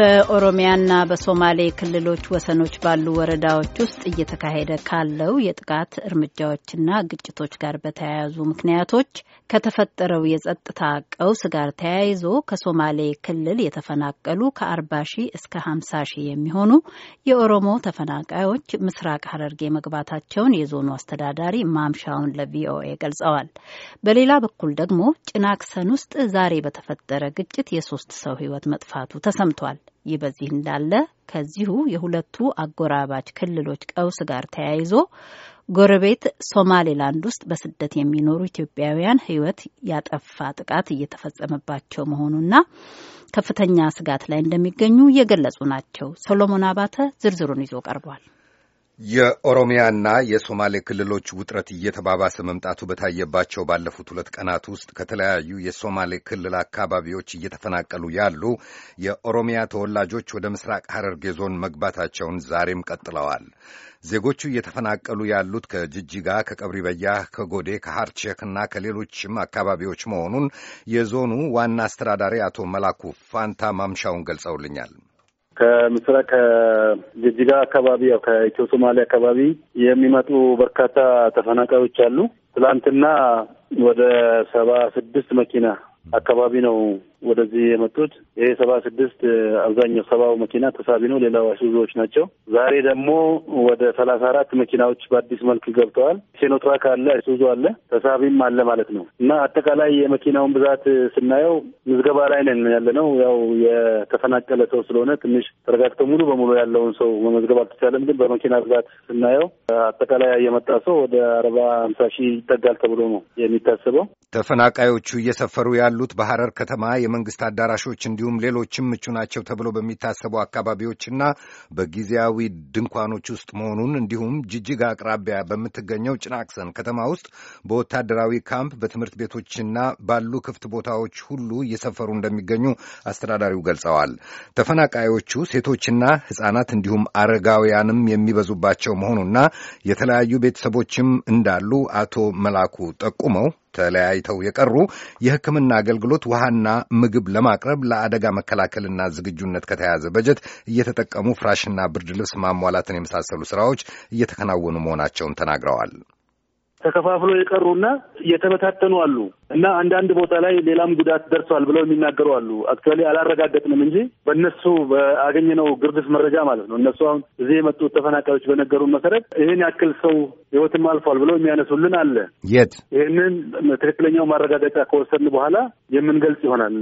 በኦሮሚያና በሶማሌ ክልሎች ወሰኖች ባሉ ወረዳዎች ውስጥ እየተካሄደ ካለው የጥቃት እርምጃዎችና ግጭቶች ጋር በተያያዙ ምክንያቶች ከተፈጠረው የጸጥታ ቀውስ ጋር ተያይዞ ከሶማሌ ክልል የተፈናቀሉ ከአርባ ሺህ እስከ ሀምሳ ሺህ የሚሆኑ የኦሮሞ ተፈናቃዮች ምስራቅ ሀረርጌ መግባታቸውን የዞኑ አስተዳዳሪ ማምሻውን ለቪኦኤ ገልጸዋል። በሌላ በኩል ደግሞ ጭናክሰን ውስጥ ዛሬ በተፈጠረ ግጭት የሶስት ሰው ህይወት መጥፋቱ ተሰምቷል። ይህ በዚህ እንዳለ ከዚሁ የሁለቱ አጎራባች ክልሎች ቀውስ ጋር ተያይዞ ጎረቤት ሶማሌላንድ ውስጥ በስደት የሚኖሩ ኢትዮጵያውያን ሕይወት ያጠፋ ጥቃት እየተፈጸመባቸው መሆኑና ከፍተኛ ስጋት ላይ እንደሚገኙ እየገለጹ ናቸው። ሰሎሞን አባተ ዝርዝሩን ይዞ ቀርቧል። የኦሮሚያና የሶማሌ ክልሎች ውጥረት እየተባባሰ መምጣቱ በታየባቸው ባለፉት ሁለት ቀናት ውስጥ ከተለያዩ የሶማሌ ክልል አካባቢዎች እየተፈናቀሉ ያሉ የኦሮሚያ ተወላጆች ወደ ምስራቅ ሐረርጌ ዞን መግባታቸውን ዛሬም ቀጥለዋል። ዜጎቹ እየተፈናቀሉ ያሉት ከጅጅጋ፣ ከቀብሪ በያ፣ ከጎዴ፣ ከሐርቼክ እና ከሌሎችም አካባቢዎች መሆኑን የዞኑ ዋና አስተዳዳሪ አቶ መላኩ ፋንታ ማምሻውን ገልጸውልኛል። ከምስራቅ ከጅጅጋ አካባቢ ያው ከኢትዮ ሶማሌ አካባቢ የሚመጡ በርካታ ተፈናቃዮች አሉ። ትላንትና ወደ ሰባ ስድስት መኪና አካባቢ ነው ወደዚህ የመጡት። ይሄ ሰባ ስድስት አብዛኛው ሰባው መኪና ተሳቢ ነው፣ ሌላው አይሱዞዎች ናቸው። ዛሬ ደግሞ ወደ ሰላሳ አራት መኪናዎች በአዲስ መልክ ገብተዋል። ሴኖትራክ አለ፣ አይሱዞ አለ፣ ተሳቢም አለ ማለት ነው እና አጠቃላይ የመኪናውን ብዛት ስናየው ምዝገባ ላይ ነን ያለ ነው። ያው የተፈናቀለ ሰው ስለሆነ ትንሽ ተረጋግተ ሙሉ በሙሉ ያለውን ሰው መመዝገብ አልተቻለም። ግን በመኪና ብዛት ስናየው አጠቃላይ የመጣ ሰው ወደ አርባ ሀምሳ ሺህ ይጠጋል ተብሎ ነው የሚታስበው። ተፈናቃዮቹ እየሰፈሩ ያሉ ባሉት በሐረር ከተማ የመንግስት አዳራሾች እንዲሁም ሌሎችም ምቹ ናቸው ተብሎ በሚታሰቡ አካባቢዎችና በጊዜያዊ ድንኳኖች ውስጥ መሆኑን እንዲሁም ጅጅጋ አቅራቢያ በምትገኘው ጭናክሰን ከተማ ውስጥ በወታደራዊ ካምፕ በትምህርት ቤቶችና ባሉ ክፍት ቦታዎች ሁሉ እየሰፈሩ እንደሚገኙ አስተዳዳሪው ገልጸዋል። ተፈናቃዮቹ ሴቶችና ሕጻናት እንዲሁም አረጋውያንም የሚበዙባቸው መሆኑና የተለያዩ ቤተሰቦችም እንዳሉ አቶ መላኩ ጠቁመው ተለያይተው የቀሩ የሕክምና አገልግሎት ውሃና ምግብ ለማቅረብ ለአደጋ መከላከልና ዝግጁነት ከተያዘ በጀት እየተጠቀሙ ፍራሽና ብርድ ልብስ ማሟላትን የመሳሰሉ ስራዎች እየተከናወኑ መሆናቸውን ተናግረዋል። ተከፋፍሎ የቀሩና የተበታተኑ አሉ እና አንዳንድ ቦታ ላይ ሌላም ጉዳት ደርሷል ብለው የሚናገሩ አሉ። አክቹዋሊ አላረጋገጥንም እንጂ በእነሱ በአገኘነው ግርድፍ መረጃ ማለት ነው። እነሱ አሁን እዚህ የመጡት ተፈናቃዮች በነገሩን መሰረት ይህን ያክል ሰው ህይወትም አልፏል ብለው የሚያነሱልን አለ። የት ይህንን ትክክለኛው ማረጋገጫ ከወሰድን በኋላ የምንገልጽ ይሆናል።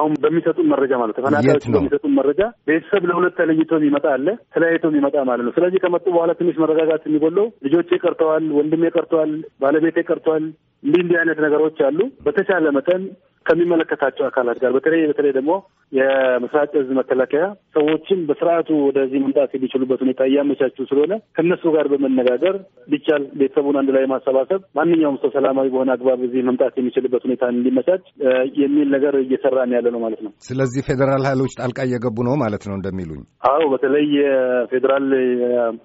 አሁን በሚሰጡን መረጃ ማለት ተፈናቃዮች በሚሰጡን መረጃ ቤተሰብ ለሁለት ተለይቶ የሚመጣ አለ፣ ተለያይቶ የሚመጣ ማለት ነው። ስለዚህ ከመጡ በኋላ ትንሽ መረጋጋት የሚጎለው ልጆቼ ቀርተዋል፣ ወንድሜ ቀርተዋል ባለቤቴ ቀርቷል፣ እንዲህ እንዲህ አይነት ነገሮች አሉ። በተቻለ መጠን ከሚመለከታቸው አካላት ጋር በተለይ በተለይ ደግሞ የምስራቅ እዝ መከላከያ ሰዎችን በስርዓቱ ወደዚህ መምጣት የሚችሉበት ሁኔታ እያመቻቹ ስለሆነ ከእነሱ ጋር በመነጋገር ቢቻል ቤተሰቡን አንድ ላይ ማሰባሰብ ማንኛውም ሰው ሰላማዊ በሆነ አግባብ እዚህ መምጣት የሚችልበት ሁኔታ እንዲመቻች የሚል ነገር እየሰራን ያለ ነው ማለት ነው። ስለዚህ ፌዴራል ኃይሎች ጣልቃ እየገቡ ነው ማለት ነው እንደሚሉኝ? አዎ፣ በተለይ የፌዴራል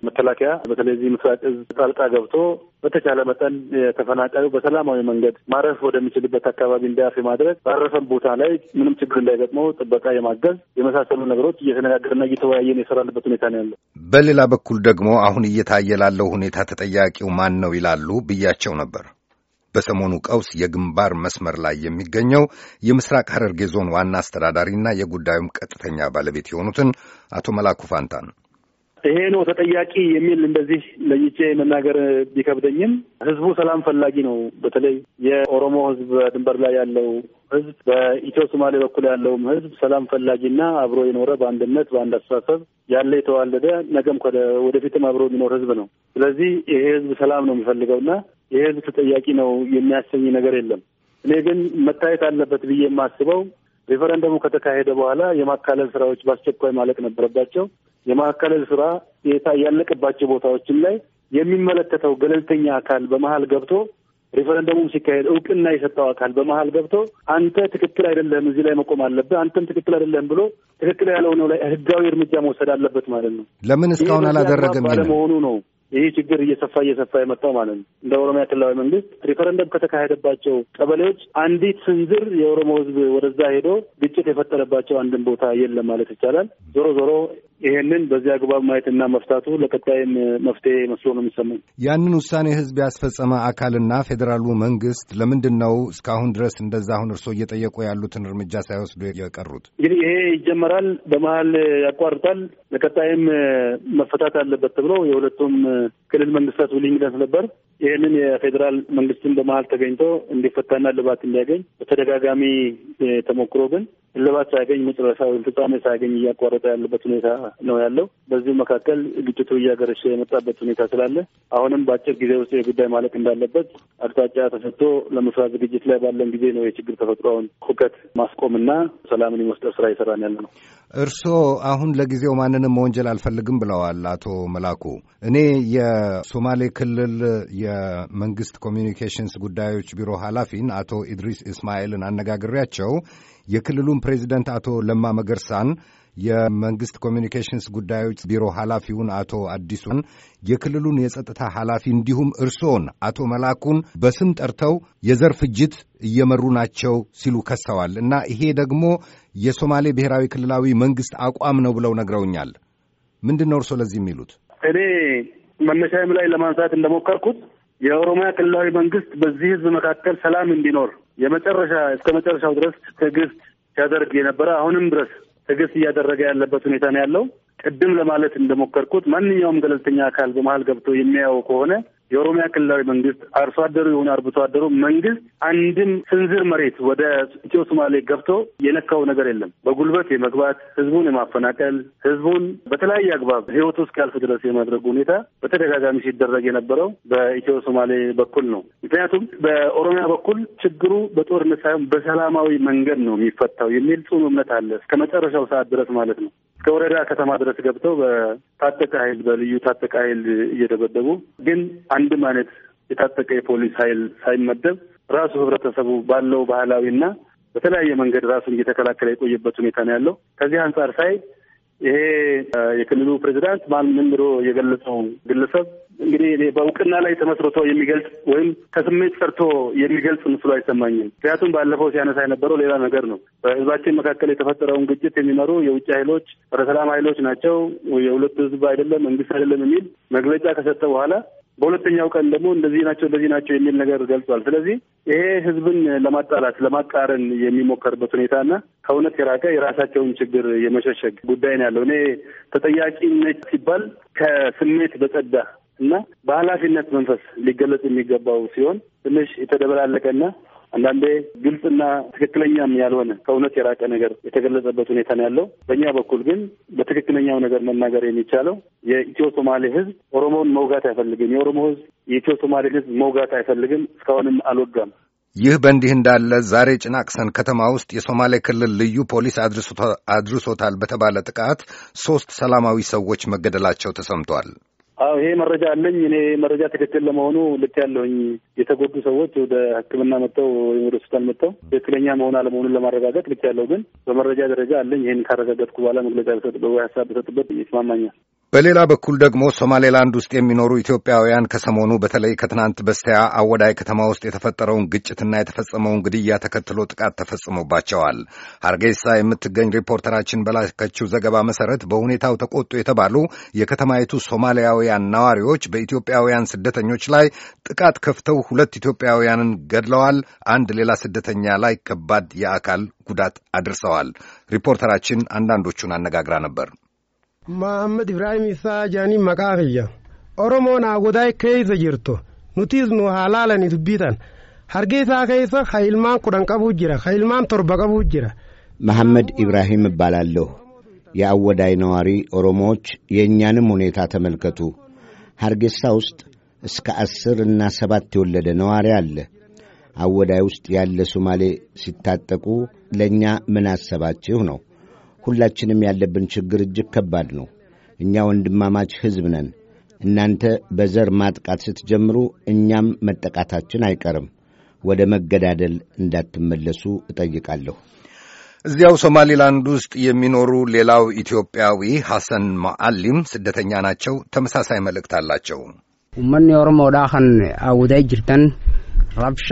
መከላከያ በተለይ እዚህ ምስራቅ እዝ ጣልቃ ገብቶ በተቻለ መጠን ተፈናቃዩ በሰላማዊ መንገድ ማረፍ ወደሚችልበት አካባቢ እንዲያርፍ የማድረግ ባረፈን ቦታ ላይ ምንም ችግር እንዳይገጥመው ጥበቃ የማገዝ የመሳሰሉ ነገሮች እየተነጋገርና እየተወያየን የሰራንበት ሁኔታ ነው ያለው። በሌላ በኩል ደግሞ አሁን እየታየ ላለው ሁኔታ ተጠያቂው ማን ነው ይላሉ ብያቸው ነበር። በሰሞኑ ቀውስ የግንባር መስመር ላይ የሚገኘው የምስራቅ ሐረርጌ ዞን ዋና አስተዳዳሪና የጉዳዩም ቀጥተኛ ባለቤት የሆኑትን አቶ መላኩ ፋንታን ይሄ ነው ተጠያቂ የሚል እንደዚህ ለይቼ መናገር ቢከብደኝም ህዝቡ ሰላም ፈላጊ ነው። በተለይ የኦሮሞ ህዝብ በድንበር ላይ ያለው ህዝብ፣ በኢትዮ ሶማሌ በኩል ያለውም ህዝብ ሰላም ፈላጊና አብሮ የኖረ በአንድነት በአንድ አስተሳሰብ ያለ የተዋለደ ነገም ወደፊትም አብሮ የሚኖር ህዝብ ነው። ስለዚህ ይሄ ህዝብ ሰላም ነው የሚፈልገውና ይሄ ህዝብ ተጠያቂ ነው የሚያሰኝ ነገር የለም። እኔ ግን መታየት አለበት ብዬ የማስበው ሪፈረንደሙ ከተካሄደ በኋላ የማካለል ስራዎች በአስቸኳይ ማለቅ ነበረባቸው። የማዕከለል ስራ ያለቀባቸው ቦታዎችን ላይ የሚመለከተው ገለልተኛ አካል በመሀል ገብቶ ሪፈረንደሙም ሲካሄድ እውቅና የሰጠው አካል በመሀል ገብቶ አንተ ትክክል አይደለህም፣ እዚህ ላይ መቆም አለብህ፣ አንተም ትክክል አይደለህም ብሎ ትክክል ያልሆነው ላይ ህጋዊ እርምጃ መውሰድ አለበት ማለት ነው። ለምን እስካሁን አላደረገም? ባለመሆኑ ነው ይህ ችግር እየሰፋ እየሰፋ የመጣው ማለት ነው። እንደ ኦሮሚያ ክልላዊ መንግስት ሪፈረንደም ከተካሄደባቸው ቀበሌዎች አንዲት ስንዝር የኦሮሞ ህዝብ ወደዛ ሄዶ ግጭት የፈጠረባቸው አንድን ቦታ የለም ማለት ይቻላል። ዞሮ ዞሮ ይሄንን በዚህ አግባብ ማየትና መፍታቱ ለቀጣይም መፍትሄ መስሎ ነው የሚሰማኝ። ያንን ውሳኔ ህዝብ ያስፈጸመ አካልና ፌዴራሉ መንግስት ለምንድን ነው እስካሁን ድረስ እንደዛ አሁን እርስዎ እየጠየቁ ያሉትን እርምጃ ሳይወስዱ የቀሩት? እንግዲህ ይሄ ይጀመራል፣ በመሀል ያቋርጣል፣ ለቀጣይም መፈታት አለበት ተብሎ የሁለቱም ክልል መንግስታት ውልኝነት ነበር። ይህንን የፌዴራል መንግስትን በመሀል ተገኝቶ እንዲፈታና እልባት እንዲያገኝ በተደጋጋሚ ተሞክሮ ግን እልባት ሳያገኝ መጨረሻ ወይም ፍጻሜ ሳያገኝ እያቋረጠ ያለበት ሁኔታ ነው ያለው። በዚህ መካከል ግጭቱ እያገረሸ የመጣበት ሁኔታ ስላለ አሁንም በአጭር ጊዜ ውስጥ የጉዳይ ማለቅ እንዳለበት አቅጣጫ ተሰጥቶ ለመስራት ዝግጅት ላይ ባለን ጊዜ ነው የችግር ተፈጥሮውን ሁከት ማስቆምና ሰላምን የመስጠር ስራ ይሰራን ያለ ነው። እርስዎ አሁን ለጊዜው ማንንም መወንጀል አልፈልግም ብለዋል አቶ መላኩ። እኔ የሶማሌ ክልል የመንግስት ኮሚኒኬሽንስ ጉዳዮች ቢሮ ኃላፊን አቶ ኢድሪስ እስማኤልን አነጋግሬያቸው የክልሉን ፕሬዚደንት አቶ ለማ መገርሳን የመንግስት ኮሚኒኬሽንስ ጉዳዮች ቢሮ ኃላፊውን አቶ አዲሱን የክልሉን የጸጥታ ኃላፊ እንዲሁም እርስዎን አቶ መላኩን በስም ጠርተው የዘር ፍጅት እየመሩ ናቸው ሲሉ ከሰዋል እና ይሄ ደግሞ የሶማሌ ብሔራዊ ክልላዊ መንግስት አቋም ነው ብለው ነግረውኛል። ምንድን ነው እርስዎ ለዚህ የሚሉት? እኔ መነሻዬም ላይ ለማንሳት እንደሞከርኩት የኦሮሚያ ክልላዊ መንግስት በዚህ ህዝብ መካከል ሰላም እንዲኖር የመጨረሻ እስከ መጨረሻው ድረስ ትዕግስት ሲያደርግ የነበረ አሁንም ድረስ ትዕግስት እያደረገ ያለበት ሁኔታ ነው ያለው። ቅድም ለማለት እንደሞከርኩት ማንኛውም ገለልተኛ አካል በመሀል ገብቶ የሚያየው ከሆነ የኦሮሚያ ክልላዊ መንግስት አርሶ አደሩ የሆነ አርብቶ አደሩ መንግስት አንድም ስንዝር መሬት ወደ ኢትዮ ሶማሌ ገብቶ የነካው ነገር የለም። በጉልበት የመግባት ህዝቡን የማፈናቀል ህዝቡን በተለያየ አግባብ ህይወቱ እስኪያልፍ ድረስ የማድረጉ ሁኔታ በተደጋጋሚ ሲደረግ የነበረው በኢትዮ ሶማሌ በኩል ነው። ምክንያቱም በኦሮሚያ በኩል ችግሩ በጦርነት ሳይሆን በሰላማዊ መንገድ ነው የሚፈታው የሚል ጽኑ እምነት አለ እስከ መጨረሻው ሰዓት ድረስ ማለት ነው። እስከ ወረዳ ከተማ ድረስ ገብተው በታጠቀ ኃይል በልዩ ታጠቀ ኃይል እየደበደቡ ግን አንድም አይነት የታጠቀ የፖሊስ ኃይል ሳይመደብ ራሱ ህብረተሰቡ ባለው ባህላዊና በተለያየ መንገድ ራሱን እየተከላከለ የቆየበት ሁኔታ ነው ያለው። ከዚህ አንጻር ሳይ ይሄ የክልሉ ፕሬዚዳንት ማን ምን ብሎ የገለጸው ግለሰብ እንግዲህ በእውቅና ላይ ተመስርቶ የሚገልጽ ወይም ከስሜት ሰርቶ የሚገልጽ ምስሉ አይሰማኝም። ምክንያቱም ባለፈው ሲያነሳ የነበረው ሌላ ነገር ነው። በህዝባችን መካከል የተፈጠረውን ግጭት የሚመሩ የውጭ ኃይሎች ጸረ ሰላም ኃይሎች ናቸው፣ የሁለቱ ህዝብ አይደለም፣ መንግስት አይደለም የሚል መግለጫ ከሰጠ በኋላ በሁለተኛው ቀን ደግሞ እንደዚህ ናቸው እንደዚህ ናቸው የሚል ነገር ገልጿል። ስለዚህ ይሄ ህዝብን ለማጣላት ለማቃረን የሚሞከርበት ሁኔታና ከእውነት የራቀ የራሳቸውን ችግር የመሸሸግ ጉዳይ ነው ያለው። እኔ ተጠያቂነት ሲባል ከስሜት በጸዳ እና በኃላፊነት መንፈስ ሊገለጽ የሚገባው ሲሆን ትንሽ የተደበላለቀና አንዳንዴ ግልጽና ትክክለኛም ያልሆነ ከእውነት የራቀ ነገር የተገለጸበት ሁኔታ ነው ያለው። በእኛ በኩል ግን በትክክለኛው ነገር መናገር የሚቻለው የኢትዮ ሶማሌ ሕዝብ ኦሮሞውን መውጋት አይፈልግም። የኦሮሞ ሕዝብ የኢትዮ ሶማሌን ሕዝብ መውጋት አይፈልግም፣ እስካሁንም አልወጋም። ይህ በእንዲህ እንዳለ ዛሬ ጭናቅሰን ከተማ ውስጥ የሶማሌ ክልል ልዩ ፖሊስ አድርሶታል በተባለ ጥቃት ሦስት ሰላማዊ ሰዎች መገደላቸው ተሰምቷል። አዎ ይሄ መረጃ አለኝ። እኔ መረጃ ትክክል ለመሆኑ ልክ ያለሁኝ የተጎዱ ሰዎች ወደ ሕክምና መጥተው ወይም ወደ ሆስፒታል መጥተው ትክክለኛ መሆን አለመሆኑን ለማረጋገጥ ልክ ያለው ግን በመረጃ ደረጃ አለኝ። ይህን ካረጋገጥኩ በኋላ መግለጫ ወይ ሀሳብ ብሰጥበት ይስማማኛል። በሌላ በኩል ደግሞ ሶማሌላንድ ውስጥ የሚኖሩ ኢትዮጵያውያን ከሰሞኑ በተለይ ከትናንት በስቲያ አወዳይ ከተማ ውስጥ የተፈጠረውን ግጭትና የተፈጸመውን ግድያ ተከትሎ ጥቃት ተፈጽሞባቸዋል። ሀርጌሳ የምትገኝ ሪፖርተራችን በላከችው ዘገባ መሰረት በሁኔታው ተቆጡ የተባሉ የከተማይቱ ሶማሊያውያን ነዋሪዎች በኢትዮጵያውያን ስደተኞች ላይ ጥቃት ከፍተው ሁለት ኢትዮጵያውያንን ገድለዋል። አንድ ሌላ ስደተኛ ላይ ከባድ የአካል ጉዳት አድርሰዋል። ሪፖርተራችን አንዳንዶቹን አነጋግራ ነበር። Mahammad Ibrahim Isaa jaaniin maqaa fayya. Oromoon haagodaa keessa jirtu nutiis nu haalaalani dubbitan hargee isaa keessa ha ilmaan kudhan qabu jira ha ilmaan torba qabu jira። መሐመድ ኢብራሂም እባላለሁ። የአወዳይ ነዋሪ ኦሮሞዎች የእኛንም ሁኔታ ተመልከቱ። ሐርጌሳ ውስጥ እስከ ዐሥር እና ሰባት የወለደ ነዋሪ አለ። አወዳይ ውስጥ ያለ ሶማሌ ሲታጠቁ ለእኛ ምን አሰባችሁ ነው። ሁላችንም ያለብን ችግር እጅግ ከባድ ነው። እኛ ወንድማማች ሕዝብ ነን። እናንተ በዘር ማጥቃት ስትጀምሩ እኛም መጠቃታችን አይቀርም። ወደ መገዳደል እንዳትመለሱ እጠይቃለሁ። እዚያው ሶማሊላንድ ውስጥ የሚኖሩ ሌላው ኢትዮጵያዊ ሐሰን ማአሊም ስደተኛ ናቸው። ተመሳሳይ መልእክት አላቸው። ኡመኒ ኦሮሞዳኸን አውዳይ ጅርተን ረብሻ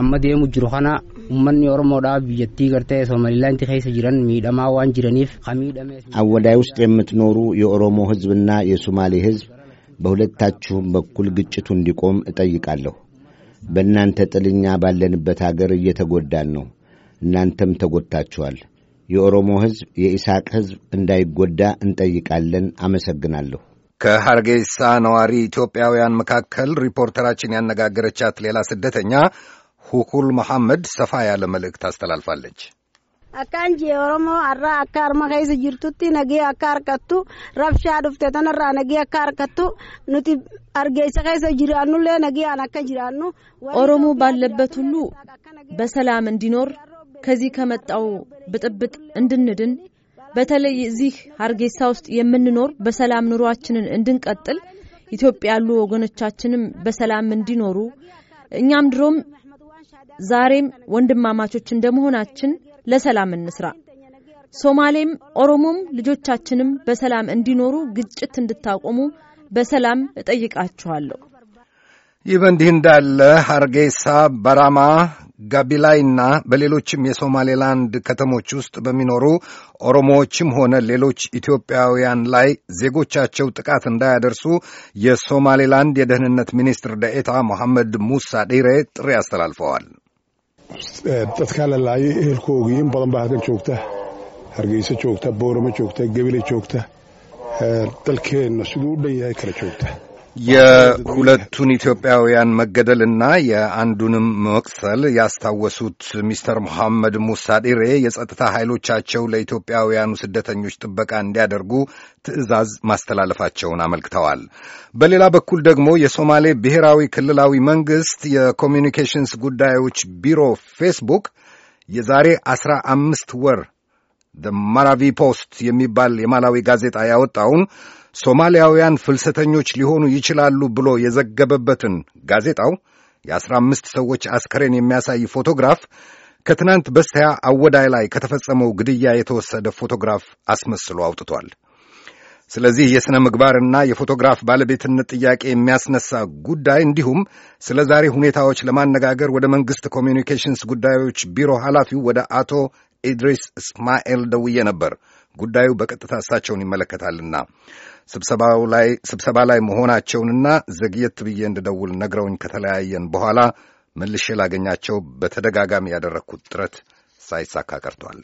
አመዴሙ ጅሩኸና ummanni oromoodhaaf biyyattii gartee Somaalilaandi keessa jiran miidhamaa waan jiraniif አወዳይ ውስጥ የምትኖሩ የኦሮሞ ህዝብና የሶማሌ ህዝብ በሁለታችሁም በኩል ግጭቱ እንዲቆም እጠይቃለሁ። በእናንተ ጥልኛ ባለንበት አገር እየተጎዳን ነው። እናንተም ተጎድታችኋል። የኦሮሞ ህዝብ የኢሳቅ ህዝብ እንዳይጎዳ እንጠይቃለን። አመሰግናለሁ። ከሐርጌሳ ነዋሪ ኢትዮጵያውያን መካከል ሪፖርተራችን ያነጋገረቻት ሌላ ስደተኛ ሁኩል መሐመድ ሰፋ ያለ መልእክት አስተላልፋለች። አካንጂ የኦሮሞ አራ አካ አርማ ከይስ ጅርቱቲ ነጌ አካ አርቀቱ ረብሻ ዱፍቴ ተነራ ነጌ አካ አርቀቱ ኑቲ አርጌሰ ከይሰ ጅራኑ ለ ነጌ አናከ ጅራኑ ኦሮሞ ባለበት ሁሉ በሰላም እንዲኖር ከዚህ ከመጣው ብጥብጥ እንድንድን በተለይ እዚህ ሀርጌሳ ውስጥ የምንኖር በሰላም ኑሯችንን እንድንቀጥል ኢትዮጵያ ያሉ ወገኖቻችንም በሰላም እንዲኖሩ እኛም ድሮም ዛሬም ወንድማማቾች እንደመሆናችን ለሰላም እንስራ። ሶማሌም ኦሮሞም ልጆቻችንም በሰላም እንዲኖሩ ግጭት እንድታቆሙ በሰላም እጠይቃችኋለሁ። ይህ በእንዲህ እንዳለ ሀርጌሳ፣ በራማ፣ ጋቢላይና በሌሎችም የሶማሌላንድ ከተሞች ውስጥ በሚኖሩ ኦሮሞዎችም ሆነ ሌሎች ኢትዮጵያውያን ላይ ዜጎቻቸው ጥቃት እንዳያደርሱ የሶማሌላንድ የደህንነት ሚኒስትር ደኤታ ሞሐመድ ሙሳ ዲሬ ጥሪ አስተላልፈዋል። dadkaa la laayay ehelkoogii in badan baa halkan joogta hargeyso joogta boorama joogta gebile joogta dalkeenna siduu u dhan yahay kala joogta የሁለቱን ኢትዮጵያውያን መገደልና የአንዱንም መቅሰል ያስታወሱት ሚስተር መሐመድ ሙሳ ዲሬ የጸጥታ ኃይሎቻቸው ለኢትዮጵያውያኑ ስደተኞች ጥበቃ እንዲያደርጉ ትዕዛዝ ማስተላለፋቸውን አመልክተዋል። በሌላ በኩል ደግሞ የሶማሌ ብሔራዊ ክልላዊ መንግሥት የኮሚኒኬሽንስ ጉዳዮች ቢሮ ፌስቡክ የዛሬ አስራ አምስት ወር ማራቪ ፖስት የሚባል የማላዊ ጋዜጣ ያወጣውን ሶማሊያውያን ፍልሰተኞች ሊሆኑ ይችላሉ ብሎ የዘገበበትን ጋዜጣው የአስራ አምስት ሰዎች አስከሬን የሚያሳይ ፎቶግራፍ ከትናንት በስቲያ አወዳይ ላይ ከተፈጸመው ግድያ የተወሰደ ፎቶግራፍ አስመስሎ አውጥቷል። ስለዚህ የሥነ ምግባርና የፎቶግራፍ ባለቤትነት ጥያቄ የሚያስነሳ ጉዳይ እንዲሁም ስለ ዛሬ ሁኔታዎች ለማነጋገር ወደ መንግሥት ኮሚኒኬሽንስ ጉዳዮች ቢሮ ኃላፊው ወደ አቶ ኢድሪስ እስማኤል ደውዬ ነበር። ጉዳዩ በቀጥታ እሳቸውን ይመለከታልና ስብሰባው ላይ ስብሰባ ላይ መሆናቸውንና ዘግየት ብዬ እንድደውል ነግረውኝ ከተለያየን በኋላ መልሼ ላገኛቸው በተደጋጋሚ ያደረግኩት ጥረት ሳይሳካ ቀርቷል።